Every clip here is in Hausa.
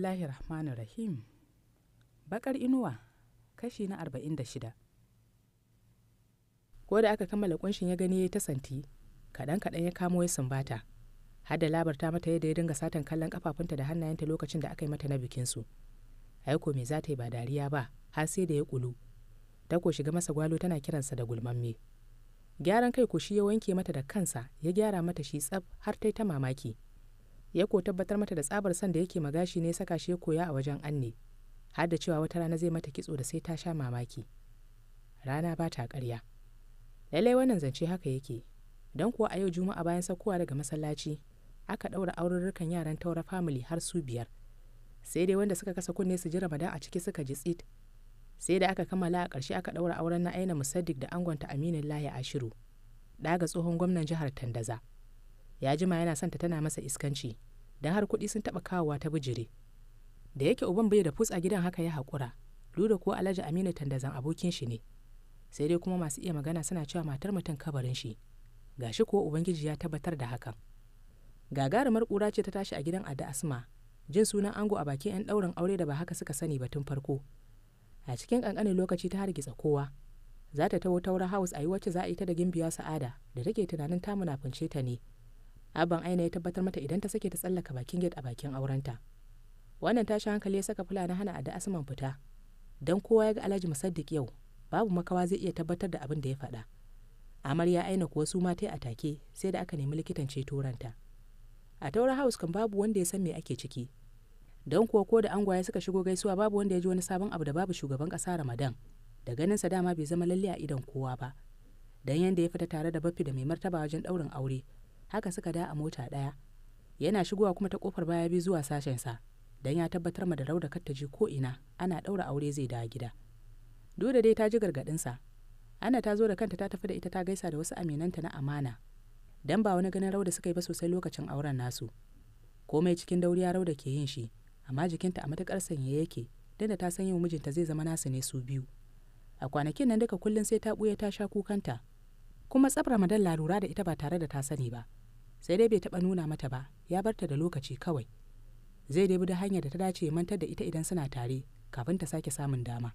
bismillahir rahmanir rahim bakar inuwa kashi na 46 ko da aka kammala kunshin ya gani ya ta santi kaɗan kaɗan ya kamo ya sumbata har da labarta mata yadda ya dinga satan kallon kafafunta da hannayenta lokacin da aka yi mata na bikinsu aiko me za ta yi ba dariya ba har sai da ya kulu ta ko shiga masa gwalo tana kiransa da gulmamme gyaran kai ko shi ya wanke mata da kansa ya gyara mata shi tsaf har ta yi ta mamaki ya ko tabbatar mata da tsabar son da yake magashi ne saka shi ya koya a wajen anne har da cewa wata rana zai mata kitso da sai ta sha mamaki rana ba ta ƙarya lallai wannan zance haka yake don kuwa a yau juma'a bayan saukowa daga masallaci aka ɗaura aururrukan yaran taura family har su biyar sai dai wanda suka kasa kunne su ji ramadan a ciki suka ji tsit sai da aka kammala a ƙarshe aka ɗaura auren na aina musaddik da angonta aminin laya ashiru ɗaga tsohon gwamnan jihar tandaza ya jima yana santa tana masa iskanci don har kuɗi sun taɓa kawowa ta bijire da yake uban bai da a gidan haka ya haƙura duda ko alhaji aminu tandazan abokin shi ne sai dai kuma masu iya magana suna cewa matar mutum kabarin shi gashi kuwa ubangiji ya tabbatar da hakan gagarumar ƙura ce ta tashi a gidan adda asma jin sunan ango a bakin 'yan ɗaurin aure da ba haka suka sani ba tun farko a cikin ƙanƙanin lokaci ta hargitsa kowa za ta taho taura house a yi wacce za a yi ta da gimbiya sa'ada da take tunanin ta munafunce ta ne abban aina ya tabbatar mata idan ta sake ta tsallaka bakin gate a bakin aurenta wannan tashin hankali ya saka fulani hana a da asman fita don kowa ya ga alhaji musaddiq yau babu makawa zai iya tabbatar da abin da ya faɗa amarya aina kuwa su ma ta yi atake sai da aka nemi likitan ceto ranta a taura house kan babu wanda ya san me ake ciki don kuwa ko da angwaye suka shigo gaisuwa babu wanda ya ji wani sabon abu da babu shugaban kasa ramadan da ganinsa dama bai zama lalle a idon kowa ba don yadda ya fita tare da baffi da mai martaba wajen daurin aure haka suka da a mota ɗaya yana shigowa kuma ta kofar baya bi zuwa sashensa don ya tabbatar ma da rauda kar ta je ko ina ana ɗaura aure zai dawo gida dole dai ta ji gargaɗinsa ana ta zo da kanta ta tafi da ita ta gaisa da wasu aminanta na amana dan ba wani ganin rauda suka yi ba sosai lokacin auren nasu komai cikin dauriya rauda ke yin shi amma jikinta a matukar sanye yake dan da ta san yau mijinta zai zama nasu ne su biyu a kwanakin nan duka kullum sai ta buya ta sha kukanta kuma tsabra madalla larura da ita ba tare da ta sani ba sai dai bai taɓa nuna mata ba ya barta da lokaci kawai zai dai bi da hanyar da ta dace ya mantar da ita idan suna tare kafin ta sake samun dama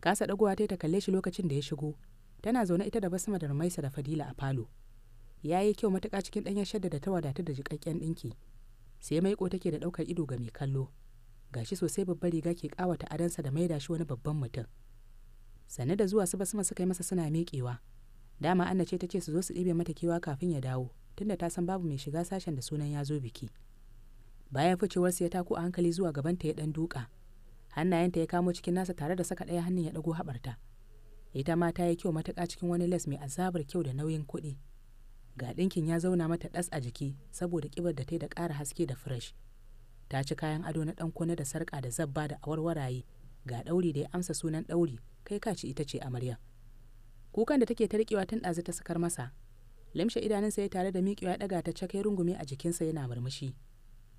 kasa ɗagowa ta ta kalle shi lokacin da ya shigo tana zaune ita da basma da rumaisa da fadila a falo ya yi kyau matuƙa cikin ɗanya shadda da ta wadatar da jiƙaƙƙen ɗinki sai maiko take da ɗaukar ido ga mai kallo gashi sosai babbar riga ke ƙawata adansa da maida shi wani babban mutum sanne da zuwa su basma suka yi masa suna miƙewa dama anna ce ta ce su zo su ɗibe mata kewa kafin ya dawo tunda ta san babu mai shiga sashen da sunan ya zo biki bayan ficewar su ya tako a hankali zuwa gaban ta ya ɗan duka hannayenta ya kamo cikin nasa tare da saka ɗaya hannun ya ɗago haɓarta ita ma ta yi kyau matuƙa cikin wani les mai azabar kyau da nauyin kuɗi ga ɗinkin ya zauna mata ɗas a jiki saboda ƙibar da ta yi da ƙara haske da fresh ta ci kayan ado na ɗan kone da sarƙa da zabba da awarwaraye ga ɗauri da ya amsa sunan ɗauri kai ka ci ita ce amarya kukan da take ta riƙewa tun ɗazu ta sakar masa limshe idanunsa ya tare da miƙewa ya ɗaga ta cakai rungume a jikinsa yana murmushi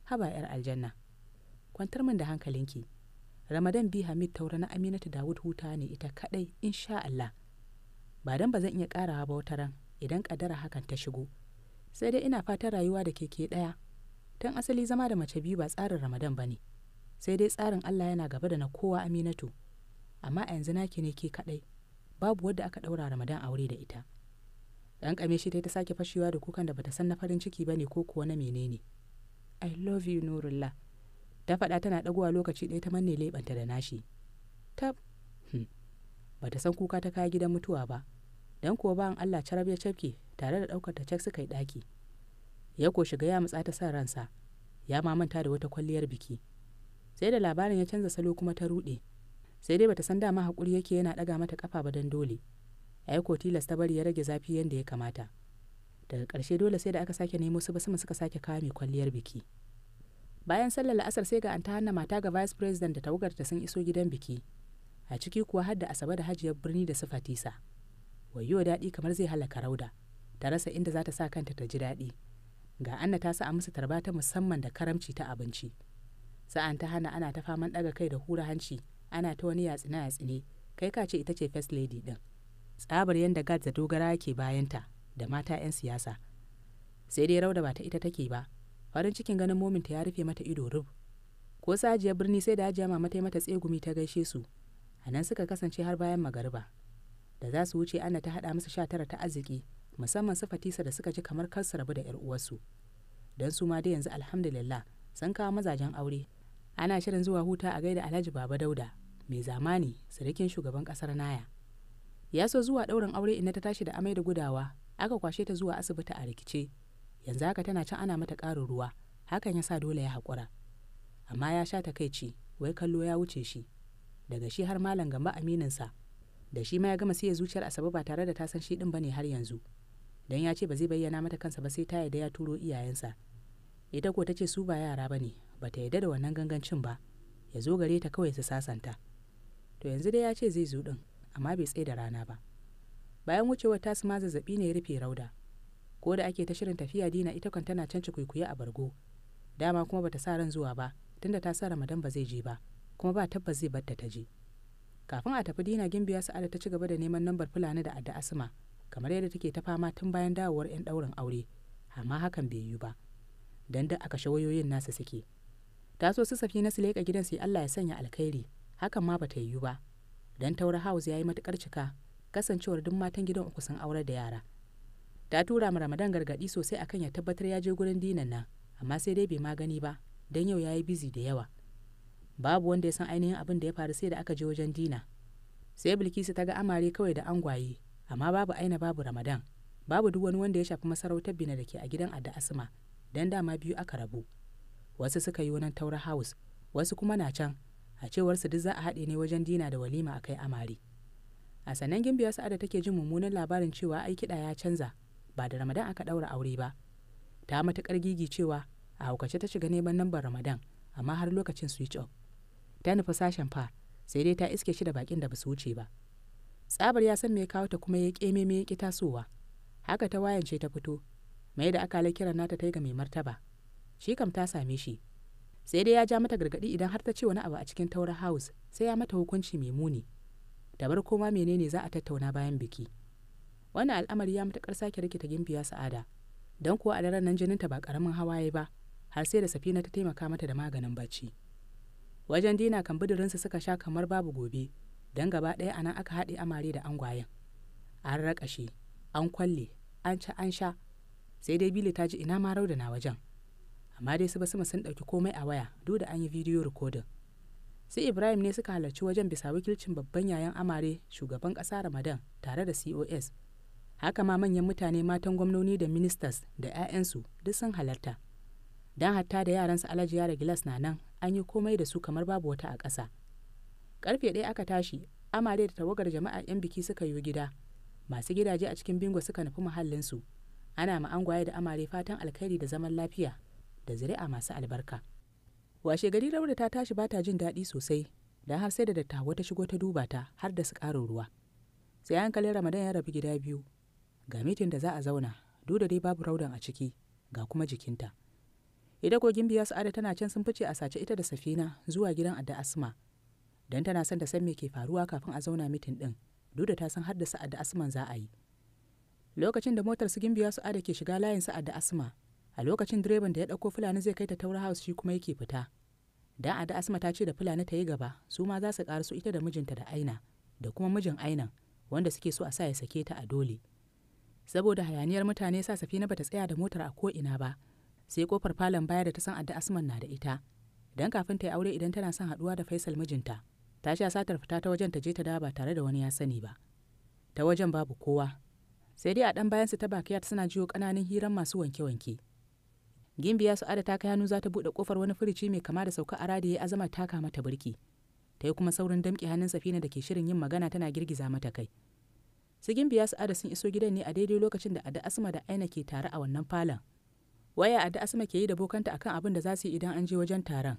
haba yar aljanna kwantar min da hankalinki ramadan bi hamid taura na aminatu dawud huta ne ita kaɗai insha allah ba dan ba zan iya ƙarawa ba wata ran idan ƙadara hakan ta shigo sai dai ina fatan rayuwa da keke ɗaya tun asali zama da mace biyu ba tsarin ramadan ba ne sai dai tsarin allah yana gaba da na kowa aminatu amma a yanzu naki ne ke kaɗai babu wadda aka ɗaura ramadan aure da ita ɗan ƙameshi ta ta sake fashewa da kukan da bata san na farin ciki ba ne ko kuwa na menene i love you nurullah ta faɗa tana ɗagowa lokaci ɗaya ta manne leɓanta da nashi tab hmm, bata san kuka ta kaya gidan mutuwa ba dan kuwa an allah carab ya cafke tare da ɗaukar ta cak suka yi ɗaki ya ko shiga ya matsa ta san ransa ya mamanta da wata kwalliyar biki sai da labarin ya canza salo kuma ta ruɗe sai dai bata san dama hakuri yake yana ɗaga mata ƙafa ba don dole a ko tilas ta bari ya rage zafi yadda ya kamata daga ƙarshe dole sai da aka sake nemo su ba basuma suka sake kawo mai kwalliyar biki bayan sallar la'asar sai ga an ta mata ga vice president da ta sun iso gidan biki a ciki kuwa har da asabe da hajiyar birni da su fatisa wayo daɗi kamar zai halaka rauda ta rasa inda za ta sa kanta ta ji daɗi ga anna ta sa a musu tarba ta musamman da karamci ta abinci sa'an ta hana ana ta faman ɗaga kai da hura hanci ana ta wani yatsine yatsine kai ka ce ita ce first lady din tsabar yadda gad da dogara yake bayanta da mata 'yan siyasa sai dai rauda ba ta ita take ba farin cikin ganin mominta ya rufe mata ido rub ko sajiyar birni sai da hajiya mama ta mata tsegumi ta gaishe su a nan suka kasance har bayan magariba da za su wuce ana ta haɗa musu sha tara ta arziki musamman su fatisa da suka ji kamar kansu rabu da 'yar uwarsu don su ma dai yanzu alhamdulillah sun kawo mazajen aure ana shirin zuwa huta a gaida alhaji baba dauda mai zamani sirikin shugaban kasar naya ya so zuwa ɗaurin aure ina ta tashi da amai da gudawa aka kwashe ta zuwa asibiti a rikice yanzu haka tana can ana mata ƙarin ruwa hakan ya sa dole ya haƙura amma ya sha takaici wai kallo ya wuce shi daga shi har malam gamba amininsa da shi ma ya gama siya zuciyar asabe ba tare da ta san shi din bane har yanzu dan ya ce ba zai bayyana mata kansa ba sai ta yarda ya turo iyayensa ita ko ta ce su ba yara bane ba ta yarda da wannan gangancin ba ya zo gare ta kawai su sasanta to yanzu dai ya ce zai zo din, amma bai tsaye da rana ba bayan wucewar tasu ma zazzaɓi ne ya rufe rauda ko da ake ta shirin tafiya dina ita kan tana can cikuikuye a bargo dama kuma bata sa ran zuwa ba tunda ta sa ramadan ba zai je ba kuma ba tabbas zai barta ta je kafin a tafi dina gimbiya sa'ada ta ci gaba da neman lambar fulani da adda asma kamar yadda take ta fama tun bayan dawowar 'yan ɗaurin aure amma hakan bai yi ba don da aka shawayoyin nasa suke ta so su safi na su leƙa gidan su Allah ya sanya alkhairi hakan ma bata yiwu ba dan taura ya yi matukar cika kasancewar duk matan gidan uku sun aure da yara ta tura ma Ramadan gargadi sosai akan ya tabbatar ya je gurin dinan nan amma sai dai bai magani ba don yau ya yi busy da yawa babu wanda ya san ainihin abin da ya faru sai da aka je wajen dina sai bilkisu ta ga amare kawai da angwaye amma babu aina babu ramadan babu duk wani wanda ya shafi masarautar bina da ke a gidan adda asma dan dama biyu aka rabu wasu suka yi wani taura house wasu kuma na can a cewar su duk za a haɗe ne wajen dina da walima a kai amari a sannan gimbiya sa'ada take jin mummunan labarin cewa ai kiɗa ya canza ba da ramadan aka ɗaura aure ba ta matuƙar gigi cewa a haukace ta shiga neman nambar ramadan amma har lokacin switch off ta nufi sashen fa sai dai ta iske shi da bakin da ba su wuce ba tsabar ya san me kawo ta kuma ya ƙeme me ya ƙi tasowa haka ta wayance ta fito mai da akalai kiran nata ta ga mai martaba shi kam ta same shi sai dai ya ja mata gargaɗi idan har ta ce wani abu a cikin taurin house sai ya mata hukunci mai muni da bar koma menene za a tattauna bayan biki wannan al'amari ya matuƙar sake rikita gimbiya sa'ada don kuwa a daren nan jinin ta ba ƙaramin hawaye ba har sai da safina ta taimaka mata da maganin bacci wajen dina kan bidirinsa suka sha kamar babu gobe don gaba ɗaya a nan aka haɗe amare da angwayen an raƙashe an kwalle an ci an sha sai dai bili ta ji ina ma rauda na wajen amma dai su ba basuma sun ɗauki komai a waya duk da an yi bidiyo rikodin sai ibrahim ne suka halarci wajen bisa wakilcin babban yayan amare shugaban ƙasa ramadan tare da cos haka ma manyan mutane matan gwamnoni da ministers da 'ya'yansu duk sun halarta don hatta da yaransu alhaji da gilas na nan an yi komai da su kamar babu wata a ƙasa karfe ɗaya aka tashi amare da tawagar jama'a 'yan biki suka yi gida masu gidaje a cikin bingo suka nufi su ana ma angwaye da amare fatan alkhairi da zaman lafiya da zuri'a masu albarka washe gari rauda ta tashi ba ta jin daɗi sosai Da har sai da dattawa ta shigo ta duba ta har da su ƙara ruwa sai hankalin ramadan ya rabu gida biyu ga mitin da za a zauna duk da dai babu raudan a ciki ga kuma jikinta ita kogin biya sa'ada tana can sun fice a sace ita da safina zuwa gidan adda asma don tana son ta san me ke faruwa kafin a zauna mitin ɗin, duk da ta san har da sa'ad da asman za a yi lokacin da motar su gimbiya su ada ke shiga layin sa'ad asma a lokacin direban da ya ɗauko fulani zai kai ta taura house shi kuma yake fita dan a da asma ta ce da fulani ta yi gaba su ma za su su ita da mijinta da aina da kuma mijin ainan wanda suke so a sa ya sake ta a dole saboda hayaniyar mutane sa safina bata tsaya da motar a ko'ina ba sai kofar falon baya da ta san adda asman na da ita dan kafin ta yi aure idan tana son haɗuwa da faisal mijinta ta sha satar fita ta wajen ta je ta dawo ba tare da wani ya sani ba ta wajen babu kowa sai dai a ɗan su ta bakiyat suna jiyo ƙananan hiran masu wanke-wanke gimbiya ya ada ta kai hannu za ta buɗe ƙofar wani firici mai kama da sauka a ya azama ta kama ta birki ta yi kuma saurin damƙe hannun safina da ke shirin yin magana tana girgiza mata kai su gimbiya su ada sun iso gidan ne a daidai lokacin da ada asma da aina ke tare a wannan falon waya ada asma ke yi da bokanta akan abin da za su yi idan an je wajen taron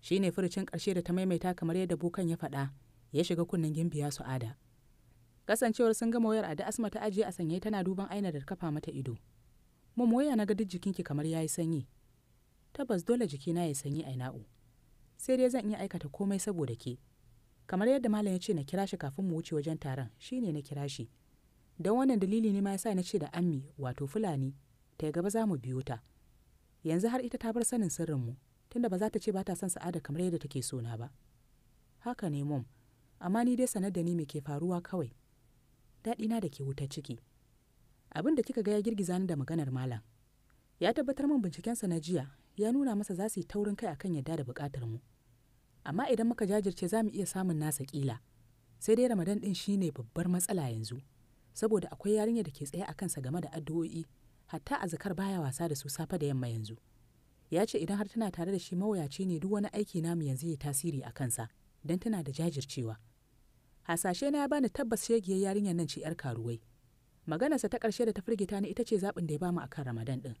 shi ne firicin karshe da ta maimaita kamar yadda bokan ya faɗa ya shiga kunnen gimbiya ya ada kasancewar sun gama wayar ada asma ta ajiye a sanye tana duban aina da kafa mata ido Mamoya na ga duk ki kamar ya yi sanyi. Tabbas dole jikina ya sanyi a na'u. Sai dai zan iya aikata komai saboda ke. Kamar yadda malam ya ce na kira shi kafin mu wuce wajen taron, shi ne na kira shi. Don wannan dalili ne ma ya sa na ce da Ammi, wato Fulani, ta gaba za mu biyo ta. Yanzu har ita ta bar sanin sirrinmu, tunda ba za ta ce ba ta son sa'ada kamar yadda take so na ba. Haka ne mom, amma ni dai sanar da ni me ke faruwa kawai. Daɗina da ke wuta ciki. abin da kika ga ya girgiza ni da maganar malam ya tabbatar min bincikensa na jiya ya nuna masa za su yi taurin kai akan yadda da buƙatar mu amma idan muka jajirce za mu iya samun nasa kila. sai dai ramadan ɗin shine babbar matsala yanzu saboda akwai yarinya da ke tsaye a kansa game da addu'o'i hatta a zakar baya wasa da su safe da yamma yanzu ya ce idan har tana tare da shi mawuyaci ne duk wani aiki na mu yanzu ya tasiri a kansa don tana da jajircewa hasashe na ya bani tabbas shegiyar yarinyar nan ce yar karuwai maganarsa ta ƙarshe da ta firgita ni ita ce zaɓin da ya bamu akan ramadan ɗin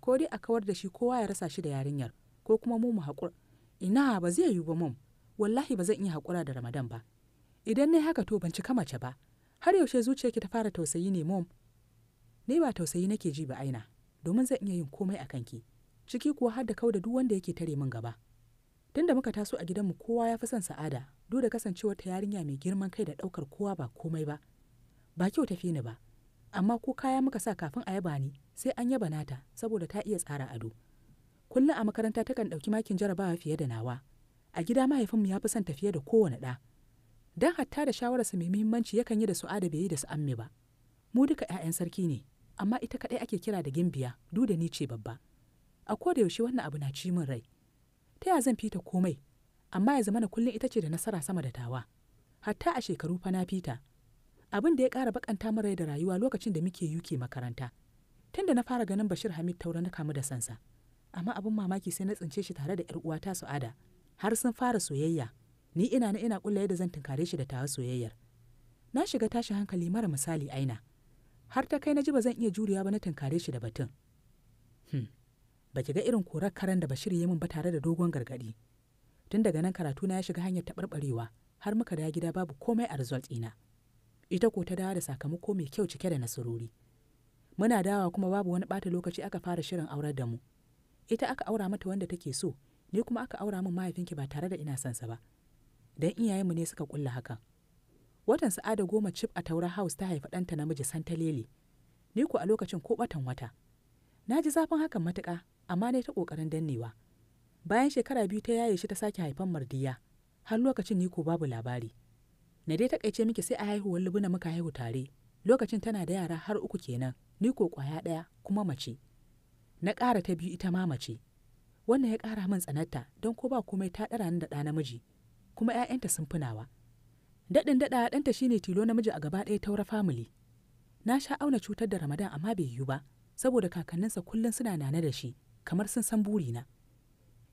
ko dai a kawar da shi kowa ya rasa shi da yarinyar ko kuma mu mu haƙura ina ba zai yiwu ba mum wallahi ba zan iya haƙura da ramadan ba idan na haka to ban cika mace ba har yaushe zuciyarki ta fara tausayi ne mom ni ba tausayi nake ji ba aina domin zan iya yin komai a kanki ciki kuwa har da kauda duk wanda yake tare min gaba tunda muka taso a gidanmu kowa ya fi son sa'ada duk da kasancewar ta yarinya mai girman kai da ɗaukar kowa ba komai ba ba kyau tafi ni ba amma ko kaya muka sa kafin a yaba ni sai an yaba nata saboda ta iya tsara ado kullum a makaranta takan ɗauki makin jarabawa fiye da nawa a gida mahaifinmu ya fi son tafiye da kowane ɗa don hatta da shawararsa mai muhimmanci yakan yi da su ada bai yi da su amme ba mu duka 'ya'yan sarki ne amma ita kaɗai ake kira da gimbiya du da ni ce babba a ko da yaushe wannan abu na ci min rai ta ya zan fita komai amma ya zama na kullum ita ce da nasara sama da tawa hatta a shekaru fa na fita abin da ya ƙara bakanta mara da rayuwa lokacin da muke UK makaranta tunda na fara ganin Bashir Hamid Taura na kamu da sansa amma abin mamaki sai na tsince shi tare da 'yar uwata Su'ada har sun fara soyayya ni ina na ina kullaye da zan tunkare shi da tawa soyayyar na shiga tashi hankali mara misali aina har ta kai na ji ba zan iya juriya ba na tunkare shi da batun hmm. baki ga irin korar karen da Bashir ya min ba tare da dogon gargadi tun daga nan karatu na ya shiga hanyar taɓarɓarewa har muka da gida babu komai a result ina ita ko ta dawo da sakamako mai kyau cike da nasarori muna dawa kuma babu wani ɓata lokaci aka fara shirin aurar da mu ita aka aura mata wanda take so ni kuma aka aura min mahaifinki ba tare da ina son sa ba dan iyayenmu ne suka kulla haka watan sa'ada goma cif a taura house ta haifa ɗanta namiji santalele ni ko a lokacin ko watan wata na ji zafin hakan matuƙa amma na ta ƙoƙarin dannewa bayan shekara biyu ta yaye shi ta sake haifan mardiya har lokacin ni ko babu labari na dai takaice miki sai a haihuwar libina muka haihu tare lokacin tana da yara har uku kenan ni ko kwaya ɗaya kuma mace na ƙara ta biyu ita ma mace wannan ya ƙara min tsanarta don ko ba komai ta ɗara ni da ɗa namiji kuma 'ya'yanta sun funawa daɗin daɗa ɗanta shine tilo namiji a gaba ɗaya taura famili na sha auna cutar da ramadan amma bai yiwu ba saboda kakanninsa kullum suna nane da shi kamar sun san burina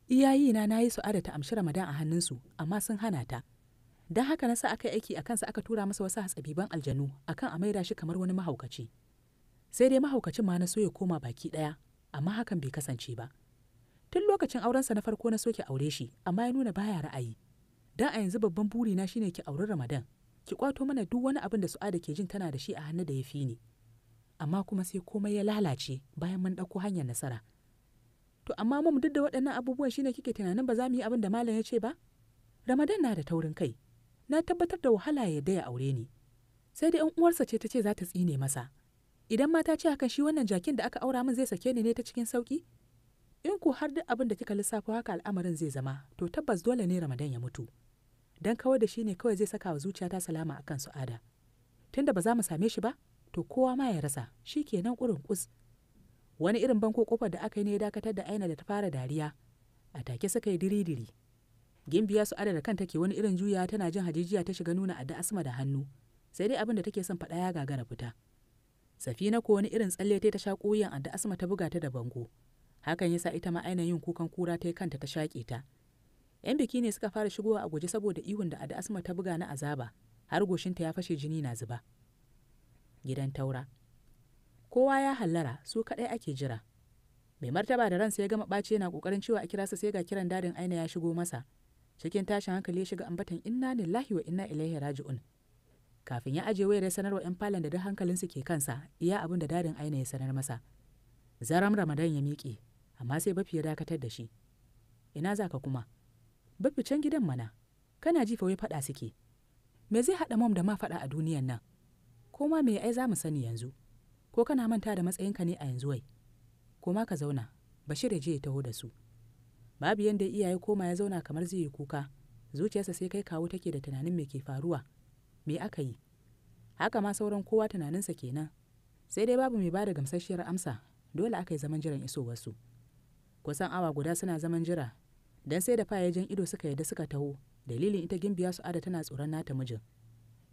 iyayina na yi su adata amshi ramadan a hannunsu amma sun hana ta don haka na sa aka yi aiki a kansa aka tura masa wasu ban aljanu akan a maida shi kamar wani mahaukaci sai dai mahaukacin ma na so ya koma baki ɗaya amma hakan bai kasance ba tun lokacin aurensa na farko na so ki aure shi amma ya nuna baya ra'ayi dan a yanzu babban buri na shine ki auri ramadan ki kwato mana duk wani abin da su'ada ke jin tana da shi a hannu da ya fi ni amma kuma sai komai ya lalace bayan mun ɗauko hanyar nasara to amma mum duk da waɗannan abubuwan shine kike tunanin ba za mu yi abin da malam ya ce ba ramadan na da taurin kai na tabbatar da wahala ya daya aure ni sai dai yan uwarsa ce ta ce za ta tsine masa idan mata ce hakan shi wannan jakin da aka aura min zai sake ni ne ta cikin sauki in ku har duk abin da kika lissafo haka al'amarin zai zama to tabbas dole ne ramadan ya mutu dan kawai da shi ne kawai zai saka wa zuciyata salama akan su ada tunda ba za mu same shi ba to kowa ma ya rasa shi kenan ƙurin kus wani irin banko kofar da aka yi ne ya dakatar da aina da ta fara dariya a take suka yi diri-diri gimbiya su adana kanta ke wani irin juya tana jin hajijiya ta shiga nuna adda asma da hannu sai dai abin da take son faɗa ya gagara fita safina ko wani irin tsalle ta sha wuyan adda asma ta buga ta da bango hakan yasa ita ma yin kukan kura ta kanta ta shaƙe ta yan biki ne suka fara shigowa a guje saboda ihun da adda asma ta buga na azaba har goshinta ya fashe jini na zuba gidan taura kowa ya hallara su kaɗai ake jira mai martaba da ransa ya gama ɓaci yana ƙoƙarin cewa a kira sa sai ga kiran dadin aina ya shigo masa cikin tashin hankali ya shiga ambatan inna lillahi wa inna ilaihi raji'un kafin ya aje wayar ya sanarwa yan falon da duk hankalinsu ke kansa iya abin da dadin aina ya sanar masa zaram ramadan ya miƙe amma sai bafi ya dakatar da shi ina za ka kuma bafi can gidan mana kana jifa wai faɗa suke me zai haɗa mom da ma faɗa a duniyan nan ko ma me ai za mu sani yanzu ko kana manta da matsayinka ne a yanzu wai ko ma ka zauna bashir ya je ya taho da su babu yadda iyaye koma ya zauna kamar zai yi kuka zuciyarsa sai kai kawo take da tunanin me ke faruwa me aka yi haka ma sauran kowa tunaninsa kenan sai dai babu mai ba da gamsasshiyar amsa dole aka yi zaman jiran isowarsu kusan awa guda suna zaman jira dan sai da fayajen ido suka yadda suka taho dalilin ita gimbiya su ada tana tsoron nata mijin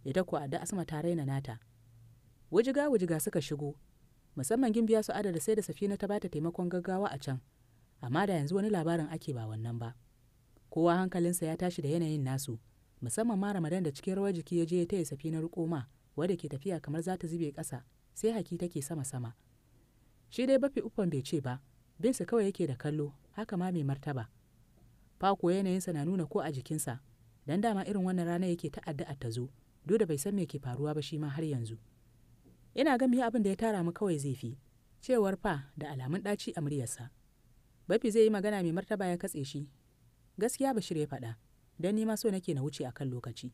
ita ko adda asma ta raina nata wujiga wujiga suka shigo musamman gimbiya su ada da sai da safina ta bata taimakon gaggawa a can amma da yanzu wani labarin ake ba wannan ba kowa hankalinsa ya tashi da yanayin nasu musamman ma ramadan da cikin rawar jiki ya je ya taya safi na rukoma wadda ke tafiya kamar za ta zube ƙasa sai haki take sama sama shi dai bafi uffan bai ce ba bin sa kawai yake da kallo haka ma mai martaba fako yanayinsa na nuna ko a jikinsa dan dama irin wannan rana yake ta addu'a ta zo duk da bai san me ke faruwa ba shi ma har yanzu ina ga miya abin da ya tara mu kawai zai fi cewar fa da alamun daci a muryarsa bafi zai yi magana mai martaba ya katse shi gaskiya ba ya faɗa don nima so nake na wuce akan lokaci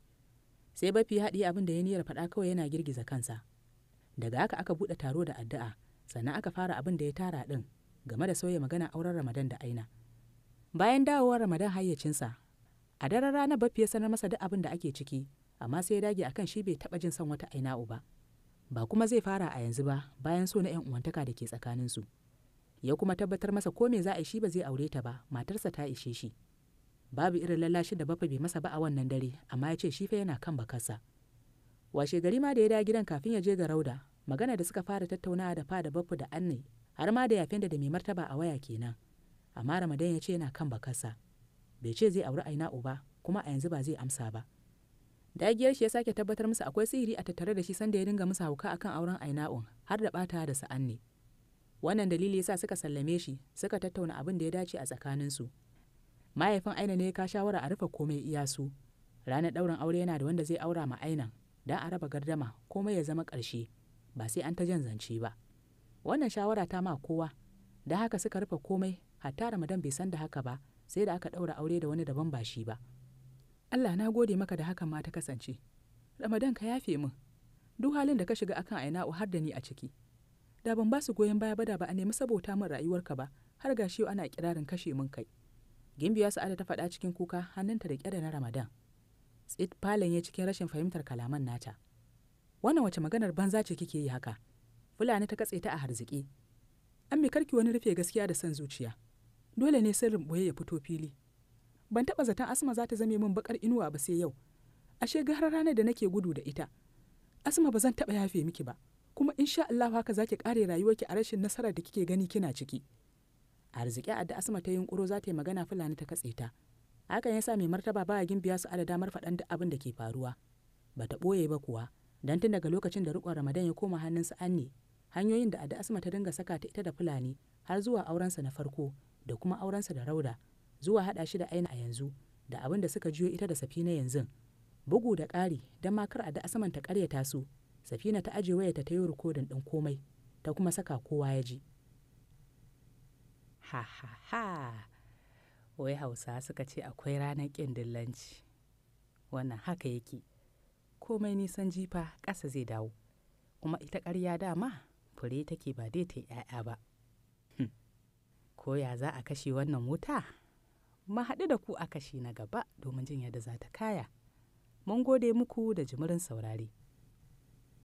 sai bafi haɗi abin da ya niyar faɗa kawai yana girgiza kansa daga haka aka buɗe taro da addu'a sannan aka fara abin da ya tara ɗin game da sauya magana auren ramadan da aina bayan dawowar ramadan hayyacinsa a daren rana bafi ya sanar masa duk abin da ake ciki amma sai ya dage akan shi bai taɓa jin son wata aina ba ba kuma zai fara a yanzu ba bayan so na 'yan uwantaka da ke tsakaninsu. su ya kuma tabbatar masa ko me za a yi shi ba zai aure ta ba matarsa ta ishe shi babu irin lallashi da bafa bai masa ba a wannan dare amma ya ce shi fa yana kan bakarsa washe gari ma da ya dawo gidan kafin ya je ga rauda magana da suka fara tattaunawa da fa da bafa da anne har ma da yafen da da mai martaba a waya kenan amma ramadan ya ce yana kan bakarsa bai ce zai auri aina uba kuma a yanzu ba zai amsa ba dagiyar shi ya sake tabbatar musu akwai sihiri a tattare da shi sanda ya dinga musu hauka akan auren aina'un har da bata da sa'an ne wannan dalili yasa suka sallame shi suka tattauna abin da ya dace a tsakaninsu mahaifin aina ne ya ka shawara a rufe komai iya su ranar ɗaurin aure yana da wanda zai aura ma aina don a raba gardama komai ya zama ƙarshe ba sai an ta jan zance ba wannan shawara ta ma kowa da haka suka rufe komai hatta ramadan bai san da haka ba sai da aka ɗaura aure da wani daban ba shi ba allah na gode maka da hakan ma ta kasance ramadan ka yafe min duk halin da ka shiga akan aina'u har da ni a ciki da ban ba su goyon baya ba da ba a nemi sabota min rayuwarka ba har gashi yau ana kirarin kashe mun kai gimbiya sa'ada ta faɗa cikin kuka hannunta da kyada na ramadan tsit falon ya cikin rashin fahimtar kalaman nata wannan wace maganar banza ce kike yi haka fulani ta katse ta a harziki an mi karki wani rufe gaskiya da son zuciya dole ne sirrin boye ya fito fili ban taɓa zaton asma za ta zame min bakar inuwa ba sai yau ashe har ranar da nake gudu da ita asma ba zan taɓa yafe miki ba kuma in sha Allah haka zaki kare rayuwarki a rashin nasarar da kike gani kina ciki arziki a da asma ta yunkuro za ta yi magana fulani ta katse ta hakan yasa mai martaba ba gin biya su da damar faɗan da abin da ke faruwa Ba ta ɓoye ba kuwa dan tun daga lokacin da riƙon ramadan ya koma hannun su anne hanyoyin da Adda asma ta dinga saka ta ita da fulani har zuwa aurensa na farko da kuma aurensa da rauda zuwa haɗa shi da aina a yanzu da abin da suka jiyo ita da safina yanzu bugu da ƙari don makar Adda asman ta ƙaryata su safina ta aje wayarta ta yi rikodin ɗin komai ta kuma saka kowa ya ji ha ha ha wai hausa suka ce akwai ranar ƙin dillanci wannan haka yake komai nisan jifa ƙasa zai dawo kuma ita ƙarya dama fure take ba dai ta ‘ya'ya ba koya hmm. ko ya za a kashe wannan wuta ma haɗu da ku a kashi na gaba domin jin yadda za ta kaya mun gode muku da jimirin saurare